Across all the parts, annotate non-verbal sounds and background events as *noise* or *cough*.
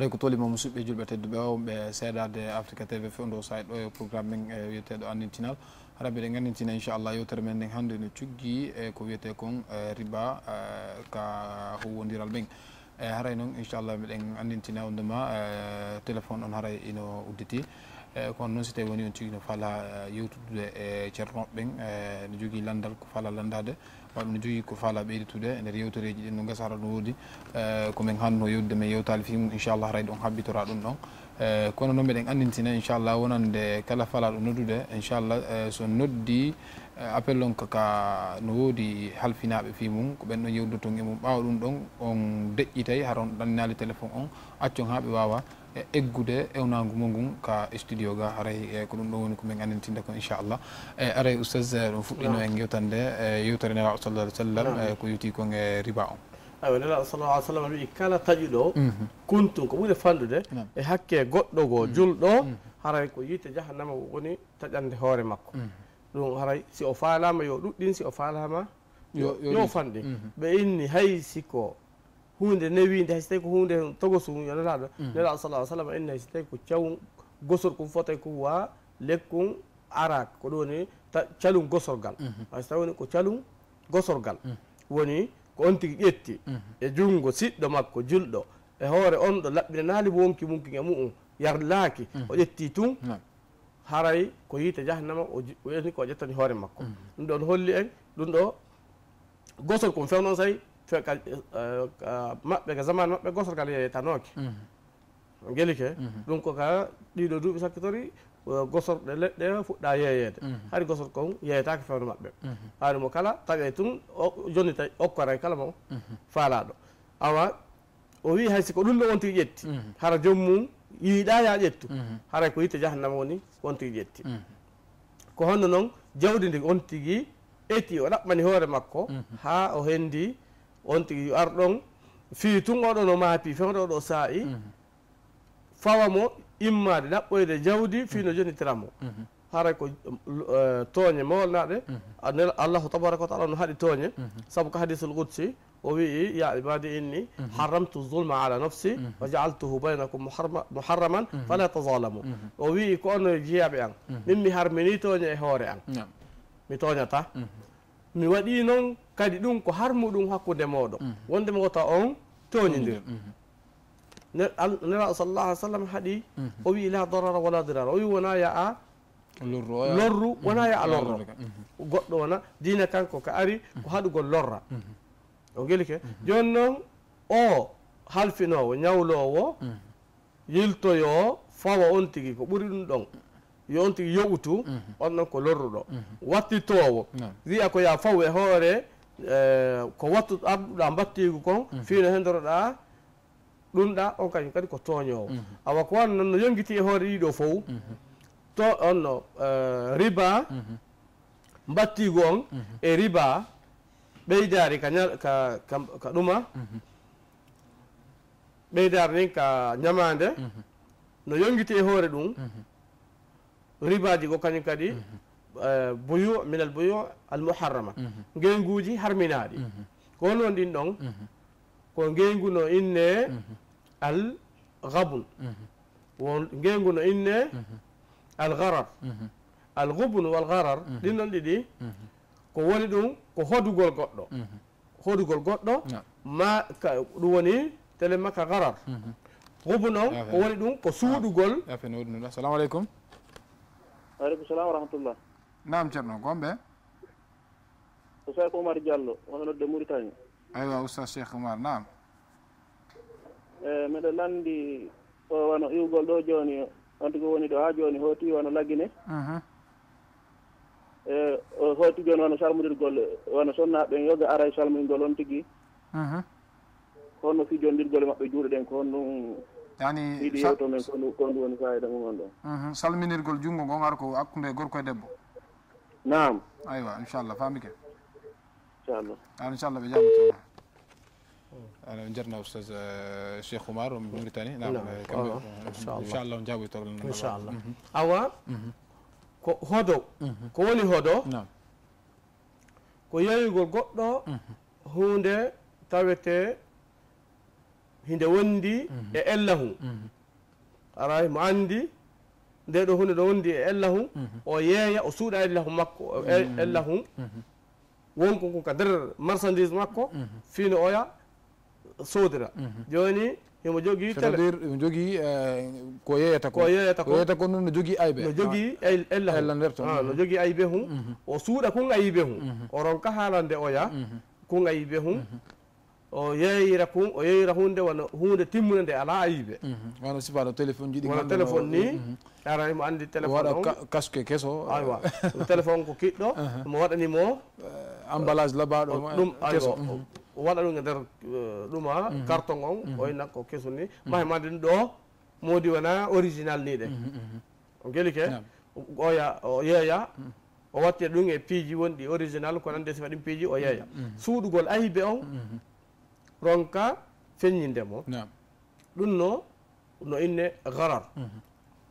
aray ko tolima musidɓe e julɓe e tedduɓe wawɓe seeɗade africa tv fewdo sayt ɗo e programme men e wiyeteɗo annitinal hara ɗen gandintina inchallah yewtere men nden hannde no cuggi e ko wiyete kon riba ka howodiral ɓen haray noon inchallah mbiɗen annintina wondema téléphone on haray ino udditi eyi eh, kono noon si tawi woni on cigino fala eh, yewtudude e eh, ceernoɓe ɓen ne jogui landal ko fala landade waɗum ne jogui ko fala ɓeyditude e nder yewtoreji ɗin no gasara no woodi komin hanno yewtude men yewtali fimu inchallah harayde on habbitora ɗum ɗon kono noon mbiɗen andintine inchallah wonande kala falaɗo noddude inchallah so noddi appel on kaka no woodi halfinaɓe fi mum ko ɓen ɗon yewdo ton e mum ɓawa ɗum ɗon on deƴƴitay hara on ɗannali téléphone on accon ha ɓe wawa e eggude ewnagu mugum ka studio ga haray ko ɗum ɗo woni ko min andintinde ko inchallah e aray oustas ɗum fuɗɗino en gewtande yewtere nelaɗo sallah alih w sallam ko yuti ko e riba on awa nelaɗo sallah alih sallam wi kala taƴuɗo kuntum ko ɓuri fallude e hakke goɗɗo go julɗo haray ko yiite jahannama woni taƴande hoore makko ɗum haray si o falama yo ɗuɗɗin si o falama yo fanɗi ɓe inni hay siko hunde newide hay so tawi ko hunde togosu yonataɓe nelaɗo mm. salah sallam inne hay so tawi ko caw gosol kom fotay ko wa lekkon arak ko ɗoni calum gosorgal mm-hmm. hayso tawini ko calum gosorgal mm. woni ko on tigui ƴetti mm-hmm. e junggo siɗɗo makko julɗo e hoore on ɗo laɓɓinanali wonki munki e mum yarlaaki mm. o ƴetti tun haray ko yiite jahannama o ko ƴettani hoore makko mm-hmm. ɗum ɗon holli en ɗum ɗo gosol kom fewnon say ka maɓɓe eh, ka zamane mm-hmm. maɓɓe mm-hmm. eh, gosor kal tanoke gueli ke ɗum ko ka ɗiɗo duuɓi sakkitori gosorɗe leɗɗe fuɗɗa yeeyede mm-hmm. hari gosor kon yeeyetake fewno maɓɓe haari mo kala tawi tun joni tawi okkore kala mo faalaɗo awa o wi hay siko ɗum ɗo wonti ƴetti hara joomum yiiɗa ya ƴettu haray ko yitte jahannama woni wonti ƴetti ko honno noon jawdi ndi on tigi eti o ɗaɓɓani hoore makko ha o hendi on tigi yo ar ɗon fii tun oɗo no maapi fewɗo oɗo saa'i fawa mo immade ɗaɓɓoyde jawdi fii no jonitira mo haray ko toñe tooñe mawolnaɗe anel allah tabaaraku taala no haɗi tooñe sabu ko hadithul qudsi o wi ya ibadi inni haramtu zulma ala nafsi wa jaaltuhu baynakum muharraman fala tazalamu o wi ko onno jiyabe an mimmi harmini toñe e hore an mi tooñata mi waɗi noon kadi ɗum ko harmuɗum hakkude mooɗo mhm. wonde mowta on toñidir mhm, mhm. nelaɗo sallllah alih sallam haɗi o wi la darara wala dirara o wi wona ya a lorru wona ya a lorro goɗɗo wona dina kanko ko ari ko haɗugol lorra o geli ke joni noon o halfinowo ñawlowo yiltoyo fawa on tigi ko ɓuri ɗum ɗon yonti yogutu mm-hmm. onno ko lorruɗo mm-hmm. watti towo wiya ko ya fawe hoore eh, ko wattu abɗa battigu kon mm-hmm. fiino hendoroɗa ɗumɗa on kañum kadi ko tooñowo awa ko wan no yongiti e hoore ɗiɗo fof to onno eh, riba battigu on e riba ɓeydari ka ka ka ɗuma ɓeydari nin ka ñamande no yongiti e hoore ɗum riba ji ko kañum kadi mhm. eh, boyo minal boyo almouharrama mhm. ngeynguji harminaɗi mhm. ko noon ɗin ɗon ko ngeynguno inne al gabun won ngeynguno inne al garar al gubun wal garar ɗin ɗon ɗiɗi ko woni ɗum ko hodugol goɗɗo hodugol goɗɗo ma ɗum woni tele makka garar gubu noon ko woni ɗum ko suuɗugol salamu aleykum aleykum salam wa rahmatullah nam ceerno gomɓe ousas oumar diallo wonanodde mauritanie aywa oustas cheikh oumar nam e eh, miɗo landi o wono iwgol ɗo joni wontugo woni ɗo ha joni hooti wano laggine e hooti joni wono salmodirgol wono sonnaɓe yoga ara e on tigui mhm. hono fijondirgol e maɓɓe juuɗe ɗen ko honɗum yani ɗiɗi yewto men kon kon woni fayida mum on ɗon salminirgol junngo ngon ar ko hakkude gorko e debbo nam aywa inchallah faamike inchallah an inchallah ɓe jamatoma انا نجرنا استاذ الشيخ عمر من موريتانيا نعم ان شاء الله ان شاء الله نجاوب ان شاء الله اوا ko hodo ko woni hodo ko yeyugol goɗɗo hunde tawete هند وندي يا إلهو أراي ما عندي ده ده هند وندي يا إلهو أو يه يا أسود يا إلهو ماكو إلهو وهم كم كدر مرسنديز ماكو فين أويا صودرة جوني هم جوجي كدر جوجي كويه يتكو كويه يتكو كويه يتكو نون جوجي أيبه جوجي إلهو إلهو نربتهم آه جوجي أيبه هم أسود أكون أيبه هم أو رانكا هالاند أويا كون أيبه هم o yeeyira kum o yeeyira hunde wona hunde timmude nde ala ayiɓe mhm. wano sifaɗo téléphone jiɗi wona téléphone ni mhm. ara imo andi téléphone o casque keso aywa *laughs* téléphone ko kiɗɗo uh-huh. mo waɗanimo eh, emballage labaɗo ɗum keso mhm. waɗa ɗum e nder eh, ɗuma carton on oynak ko keso ni mahemade ɗum ɗo modi wona original ni ɗe o gueli ke oya o yeeya o watte ɗum e piiji wonɗi original kono ande so waɗi piiji o yeeya suuɗugol ayibe on ronka feññindemo ɗum no no inne garar mhm.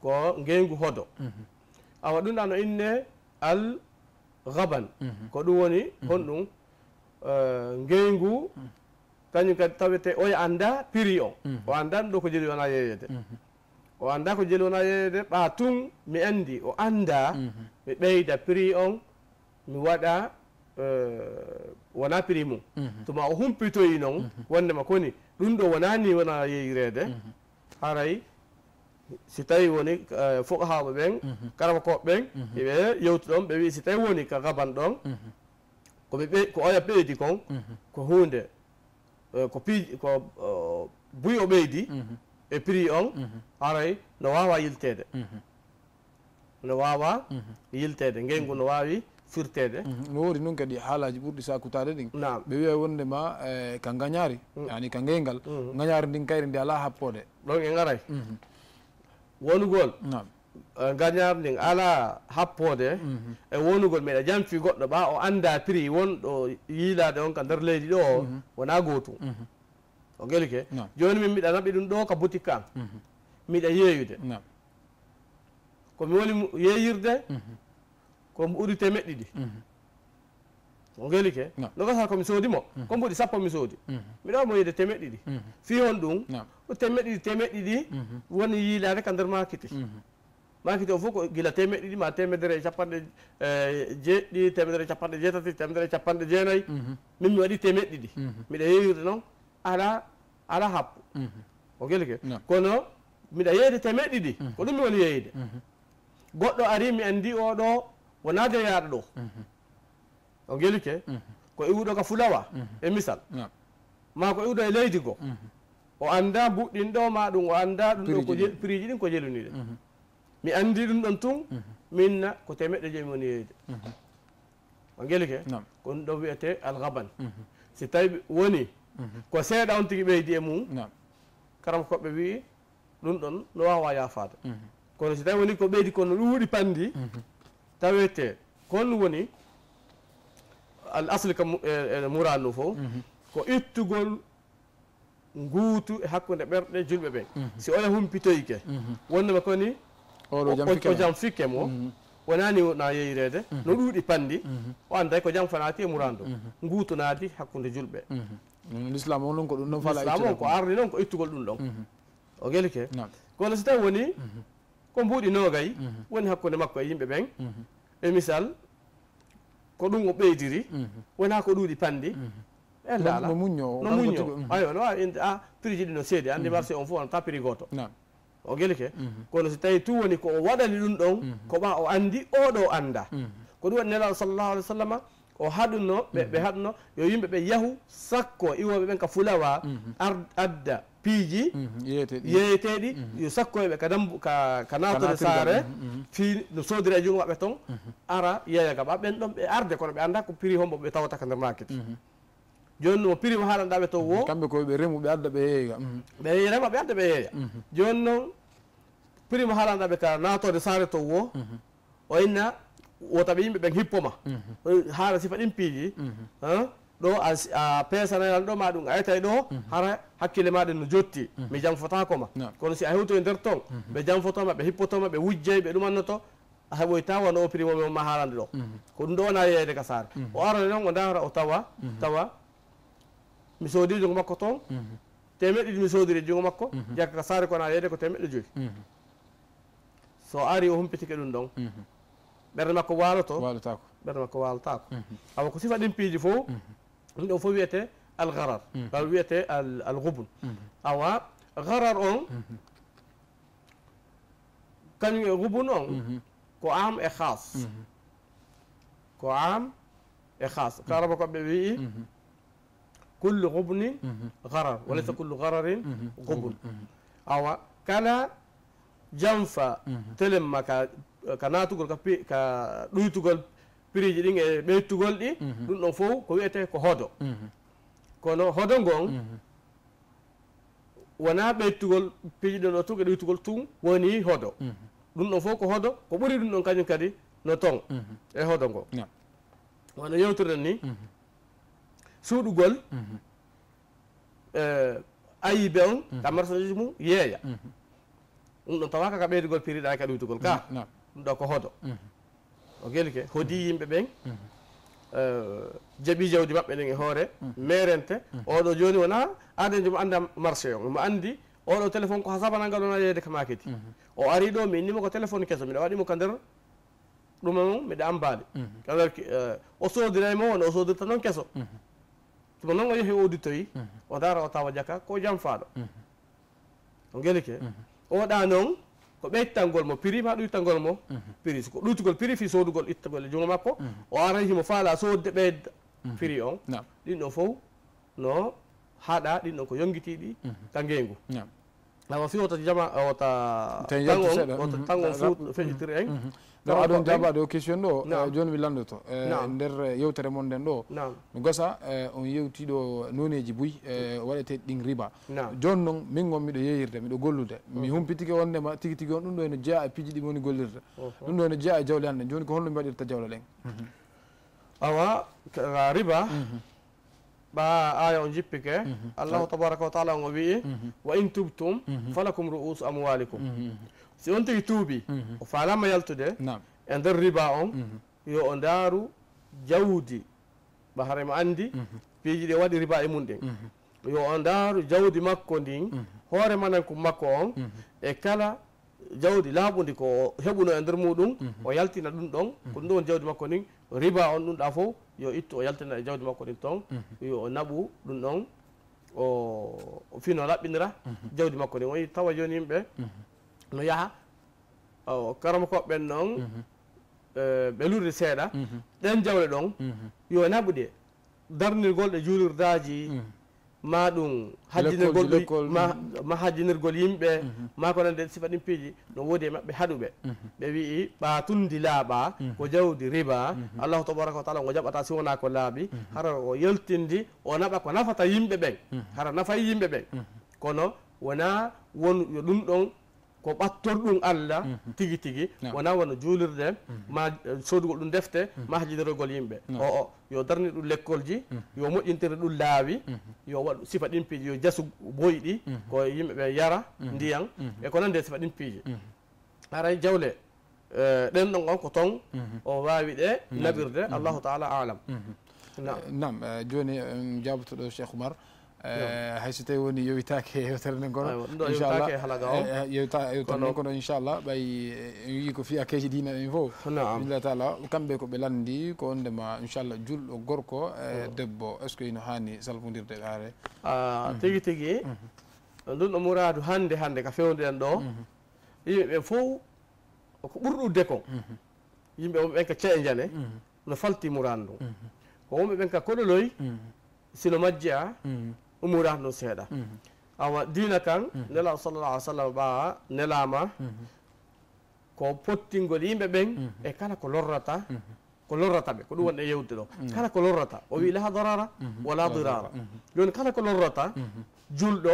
ko ngeyngu hodo mhm. awa ɗum ɗa no inne al gaban mhm. ko ɗum woni honɗum e, ngeyngu kañum kadi tawete oye annda piri o o annda ɗum ɗo ko jeli wona yeyede o annda ko jeli wona yeyede ɓa tun mi anndi o annda mi ɓeyda piri on mi waɗa Eh, wona prix mum to ma o humpitoyi noon wondema koni ɗum ɗo wonani wona yeyirede haray si tawi woni eh, fuka haɓe ɓen karama koɓe ɓen eɓe yewtu ɗon ɓe wi si tawi woni ka gaban ɗon koɓe ko oya ɓeydi kon ko hunde eh, ko pij ko buy o ɓeydi e prix on haray no wawa yiltede no wawa yiltede ngeygu no wawi firtede mhm. wowri noon kadi haalaji ɓurɗi sakutade ɗin ɓe wiya wonde ma e, ka gañari mm. yani ka geygal mm-hmm. gañari ndin kayri ndi ala happode ɗon e garay mhm. wonugol e, gañar ndin ala happode mhm. e wonugol meɗa jamfi goɗɗo ɓa o anda prix wonɗo yiilade on ka nder leydi ɗo o wona gotum o guelke joni min mbiɗa naɓi ɗum ɗo ka boutique kam mbiɗa yeeyude komi woni yeeyirde komi ɓuri temeɗɗi ɗi mhm. o geli ke nogasa komi soodi mo mhm. ko mbuɗi sappo mi soodi mbiɗa mhm. wamo yiide temeɗɗi ɗi fiyon ɗum o temeɗɗiɗi temeɗɗi ɗi woni yiilade ka nder makiti makiti o fof ko gila temeɗɗi ɗi ma temedere e capanɗe e jeɗɗi temedere e capanɗe jeetati temedere e capanɗe jeenayyi min mi waɗi temeɗɗi ɗi mbiɗa yeyirde noon ala ala happo o geli ke kono mbiɗa yeyde temeɗɗi ɗi ko ɗum mi woni yeyde goɗɗo ari mi anndi oɗo wona jeyaɗo ɗo o ke ko iwɗo ka fulawa e misal ma ko iwɗo e leydi go mm-hmm. o annda buɗɗin ɗo ma ɗum o annda ɗum ɗo ko prix ji ɗin ko jeluniɗe mm-hmm. mi anndi ɗum ɗon tun minna ko temeɗɗe joyi woni yeyde o gelike ko ɗum ɗo wiyete alhaban si tawi woni ko seeɗa on tigi ɓeydi e mum karam koɓɓe wii ɗum ɗon no wawa yafade kono si tawi woni ko ɓeydi kono ɗum wuɗi pandi تويتي كونوني الأصل كمورانو آه، فو كو إتوغول نغوتو حكو نبير جلبة بي سي أولا هم بيتويكي وانما كوني أولو جام فيكي مو وناني نايي ريدة نغوتو دي پاندي وان داي كو جام فناتي مورانو نغوتو نادي حكو نجلبة يعني الإسلام هو لونكو دون فالا إتوغول الإسلام هو كو عرلي لونكو إتوغول دون وني ko mbuuɗi noogay mhm. woni hakkunde makko e yimɓe ɓeen mhm. e misal ko ɗum o ɓeydiri mhm. wonaa ko ɗuuɗi panndi e laalano muñono muñno ayo no waawi inde a ah, prix ji ɗi no seedi anndi marché on fof on taa prix gooto o gelike kono si tawii tu woni ko o waɗali ɗum ɗon ko ɓaa o anndi ooɗo annda ko ɗum waɗi nelaaɗo sallllahu alih w sallama o haɗuno ɓe haɗuno yo yimɓe ɓe yahu sakko iwoɓe ɓen ka fulawa adda piiji mhm, yeeyeteɗi mhm. yo e be kadam ka de saare mhm, fi no soodiri e mabbe ton ara yeeya gaba ben ɓen ɗon ɓe arde kono ɓe anda ko prix hombo be tawata ka nder market joni mo piri mo haalanɗaɓe to wo kambe ko ɓe remu ɓe adda be yeeyga be rema ɓe adda ɓe yeeya joni noon prix mo haalanɗaɓe ka natode sare to wo o inna wotaɓe yimɓe ɓen hippoma haala sifa ɗin piiji do a uh, na do ma ɗum a yetay mhm. hara har hakkille maɗen no jotti mi mhm. janfotakoma kono si a mhm. be jam fota ma be janfotoma ma be wujje be dum ɗumannoto a boy e tawa no e o prix do ma haalande ɗo ko ɗum ɗo wona yeyede ka saara o arane non o dara o tawa tawa mi soodi dum makko toon temeɗe dum mi soodiri dum makko jak ka ko na yede ko temeɗɗe joyi so ari o humpitike ɗum ɗon ɓerde makko waaloto ɓerde makko ko sifa فويته الغرر فويته الغبن او غرر اون كان غبن اون كو عام خاص كو عام خاص كهربك بي كل غبن غرر وليس كل غرر غبن او كلا جنفا تلم ما كناتو كا دويتو prix ji ɗin e ɓeytugol ɗi mhm. ɗum ɗon fof ko wiyete ko hodo mhm. kono hodo ngon mhm. wona ɓeytugol piiji ɗon ɗo tun eɗo wiytugol tun woni hodo ɗum ɗon fof ko hodo ko ɓuri ɗum ɗon kañum kadi no ton e hodo ngo wono yewtiren ni suuɗugol e, ayibe on ta marchandise mum yeeya ɗum ɗon tawaka ka ɓeydugol piiriɗaki aɗa wiytugol ka ɗum ɗo ko hodo o gelike hoodi yimɓe ɓen eh, jaaɓi jawdi maɓɓe ɗen e hoore mairente mm. mm. oɗo joni wona aden jomo anda marché on mo andi oɗo téléphone ko ha saba nan galona yeyde ka maketi mm-hmm. o ari ɗo mi innimo ko téléphone keso mbiɗa waɗimo ko nder ɗuma mon mbiɗa ambaali mm-hmm. kadar eh, o sodiraymo wona o sodirta noon keso mm-hmm. tuma noon o yeehi auditoyi o dara o tawa jaka ko jam faaɗo o gelike oɗa noon ko ɓeytangol mo prix ma ɗo ittangol mo mhm. prix ko ɗuytugol prix fi sodugol ittagol e jungo makko mhm. o aran himo faala sodde ɓeyda mhm. prix on ɗin ɗon fof no haaɗa ɗin ɗon ko yongitiɗi ka ngeygu na wasi wata jama wata tango fejitiri en no aɗon jaaba ɗo question ɗo joni mi lanndo to nder yewtere mon den ɗo mi gosa on yewtiɗo noneji buy waɗete ɗin riba joni noon min gon miɗo yeyirde miɗo gollude mi humpitike wondema tigi tigi on ɗum ɗo ene jeeya e piiji ɗi woni gollirde ɗum ɗo ene jeeya e jawle hannde joni ko holno mi waɗirta jawle ɗen awa riba ba aya o jippike mhm. allahu tabaraka wa taala ongo wii mhm. wa in tubtum mhm. falakum ruusu amwalikum si on tigi tuubi o falama yaltude e nder riba on yo o ndaaru jawdi ba harema andi piiji ɗi waɗi riba e mum ɗin yo o ndaaru jawdi makko ndin hoore manankum makko on e kala jawdi laaɓu ndi ko heɓuno e ndeer muɗum o yaltina ɗum ɗon ko ɗum ɗo woni jawdi makko ndin riba on ɗum ɗa fof yo ittu o yaltana e jawdi makko ɗin toon mhm. yo o naɓu ɗum ɗon o fino laɓɓinira mhm. jawdi makko ɗin oyi tawa joni yimɓe mhm. no yaaha karama koɓɓen noon e, ɓe lurde seeɗa ɗen jawle ɗon yo naɓuɗe darnirgolɗe juulirdaji ma ɗum hajjinirgol ma hajjinirgol yimɓe mhm. ma ko nande sifa ɗin piiji no woodi e maɓɓe haɗuɓe mhm. ɓe wii ɓaa tundi laaɓa mhm. ko jawdi riba allahu tabaraka wa taala ngo jaɓata si wona ko laaɓi hara o yaltindi o naɓa ko nafata yimɓe ɓen hara nafayi yimɓe ɓen kono wona won yo ɗum ɗon ko ɓattor ɗum allah mhm. tigi tigi wona wono juulirde mhm. ma eh, soodugol ɗum defte mhm. ma hajidorogol yimɓe o o yo darni ɗum lekkol ji yo moƴƴintire ɗum laawi yo waɗ sifa ɗin piiji yo jasu boyi ɗi ko yimɓe ɓe yara ndiyan e ko nande sifa ɗin piiji aray jawle eh, ɗen ɗon on ko toon o waawi ɗe naɓirde allahu taala alam nam nam eh, joni jaabotoɗo cheikh oumar haysatay woni yowitaake yewtere kono inchallah kono inchallah eh, ɓay en wi ko fiya keeji dina en fof billah taala kamɓe koɓe landi ko on wondema inchallah julɗo gorko eh, debbo est ce que ino hani salfodirde e haare tigui mhm. tigi ɗum mhm. ɗo mouradu hande hande ka fewdiɗen ɗo yimɓeɓe fof ko ɓurɗude ko yimɓe wonɓe ɓen ka ceeƴe jane mhm. no falti mouradu ndu ko wonɓe ɓen ka koɗoloy sino majji a umurat noon seeɗa mhm. awa diina kan mhm. nelaa sallallah ali sallam ɓa nelaama mhm. ko pottingol yimɓe ɓen e kala ko lorrata ko lorrata ɓe ko ɗum wonɗe yewde ɗo kala ko lorrata o wi la darara wala dirara joni kala ko lorrata julɗo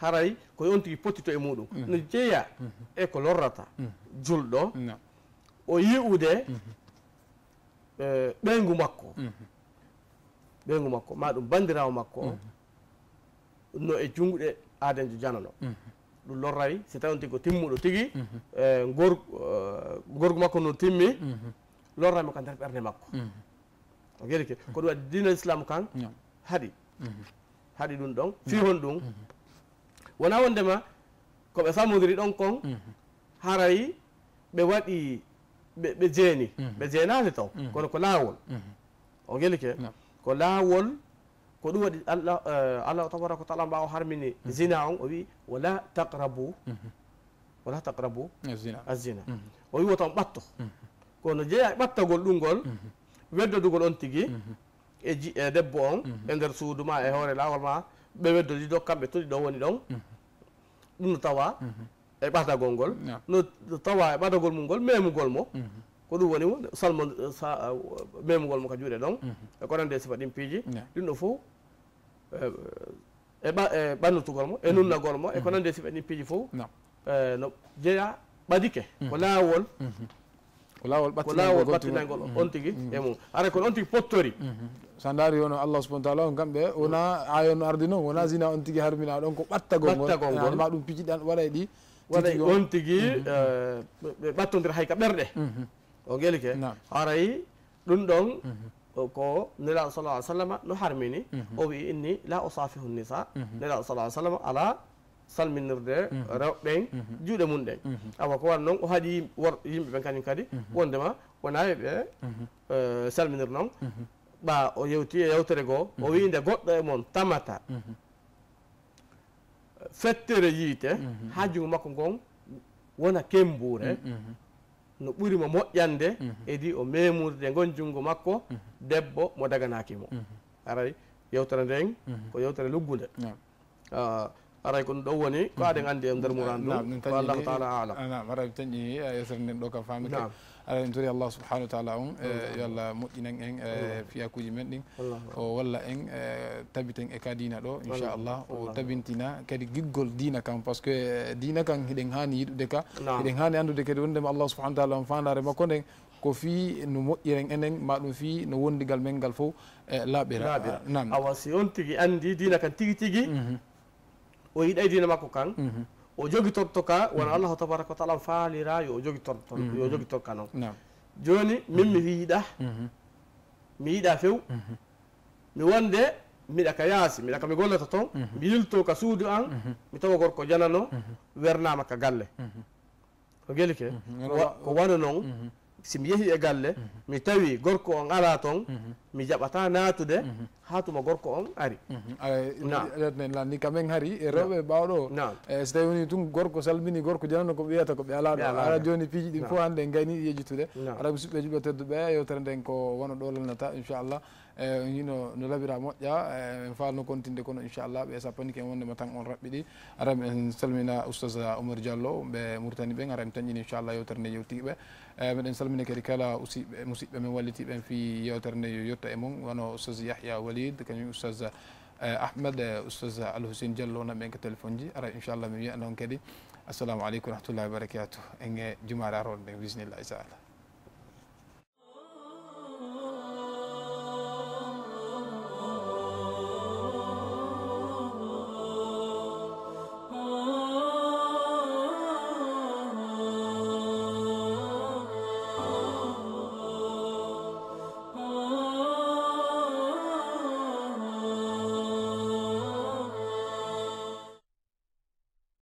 haray ko on tigi pottito e muɗum no jeeya e ko lorrata julɗo o yi'ude e, ɓeygu makko ɓeygu makko ma ɗum bandirawo makko no e junguɗe aadenjo janano mhm. ɗum lorrayi si tawinti ko timmuɗo tigi mhm. e gor e gorgu makko no timmi mhm. lorrayimo ka nder ɓerde makko o gueɗike ko ɗum waɗi dine l'islam kan haɗi haɗi ɗum ɗon fi hon ɗum wona wondema koɓe samodiri ɗon kon harayi ɓe waɗi ɓe jeeni ɓe jeenani taw kono ko laawol o gueɗike ko laawol ko ɗum waɗi allah eh, allah tabaraku wa taala mbawa harmini mhm. zina on o wi wala taqrabu mhm. wala taqrabu azina mhm. o wi wotaon ɓatto kono jeeya e ɓattagol ɗumgol weddodugol on tigi e e debbo on e nder suudu ma e hoore lawol ma ɓe weddodi ɗo kamɓe tuɗi ɗo woni ɗon ɗum no tawa e ɓadagol ngol no tawa e ɓadagol mum ngol memugol mo ko ɗum woni salmo memugol mo ka juuɗe ɗon e ko nande e sifa ɗin piiji ɗum ɗo fof e e ɓannutugol mo e mhm. nunnagol mo e ko mhm. nandi e siɓe ɗippiji fof e no jeeya ɓadike mhm. ko laawol ko laawol ko laawol ɓattinagol on tigui e mum ara kono on tigui pottori so ndaari wono allah subahana taala on kamɓe wona ayon ardi noon wona jina on tigui harmina ɗon ko ɓattagolgolma ɗum pijiɗan waɗa ɗi waɗay on tigui e, ɓe ɓattodir hay ka ɓerɗe o gueli ke haray ɗum ɗon ko nelaɗo salah sallam no harmini mhm. o wi inni la osafihu nisa mhm. nelaɗo salah sallam ala salminirde mhm. rewɓen juuɗe mum ɗen awa ko wan noon o haaɗi wor yimɓe ɓen kañum kadi wondema wonaɓe ɓe salminir noon ɓa o yewti e yewtere goo o winde goɗɗo e moon tamata fettere yiite ha jungo makko ngon wona kembure no buri mo moƴƴande mhm. edi o memurde gon jungo makko mhm. debbo mo daganaki mo mhm. aray yewtere -hmm. ko yewtere uh, aray ko do ɗo woni ko aɗen ngande e der muran ɗum ko allahu taala alam ah, ara tañƴi ah, yesere nden do ka faami aɗa en tori allah subahanahu wa taala on yo allah moƴƴinan en e fiyakuji men ɗin o walla en tabiten e ka dina ɗo inchallah o tabintina kadi giggol dina kam par ce que dina kam hiɗen hani yiɗude ka hiɗen hani andude kadi wondema allah subahanahu wa taala on fandare makko nden ko fi no moƴƴiren enen ma ɗum fi no wondigal men ngal fof e laaɓira nam awa si on tigui andi dina kan tigui tigui o yiiɗa dina makko kan o torto ka mm-hmm. wona allahu tabaraka wa taala faalira yo torto yo jogitorka mm-hmm. noon joni min mi yiiɗa mm-hmm. mi yiiɗa few mi wonde miɗa ka yaasi miɗa ka mi gollata toon mi yilto ka suudu an mi tawa gorko janano wernama ka galle ko geli ke ko waɗa noon simi yehi e galle mhm. mi tawi gorko on ala toon mhm. mi jaɓata natude mhm. ha tuma gorko on ari eɗen lanni quand même hari e rewɓe ɓawɗo e so tawi woni tun gorko salmini gorko janano ko ɓeyata ko ɓe ala ɗo ala joni piiji ɗin fof hande en gayni yejitude aɗa ko suɓɓe e juɓe e tedduɓe yewtere nden ko wona ɗo lalnata inchallah hino no labira moƴƴa en falno continde kono inchallah ɓe sappanni ken wondema tan on raɓɓiɗi aran en salmina oustas oumar diallo ɓe mouritani ɓen ara en tañƴini inchallah yewtere nde yewtiɓe meɗen salmina kadi kala usiɓe musidɓe men wallitiɓen fi yewtere nde yetta e mon wono oustas yahya walid kañum oustas ahmed oustas alhoussine diallo onan ɓen ko téléphone ji ara inchallah mi wiya noon kadi assalamu aleykum rahmatullahi wabarakatuh en e jumare aronde bisimillah taala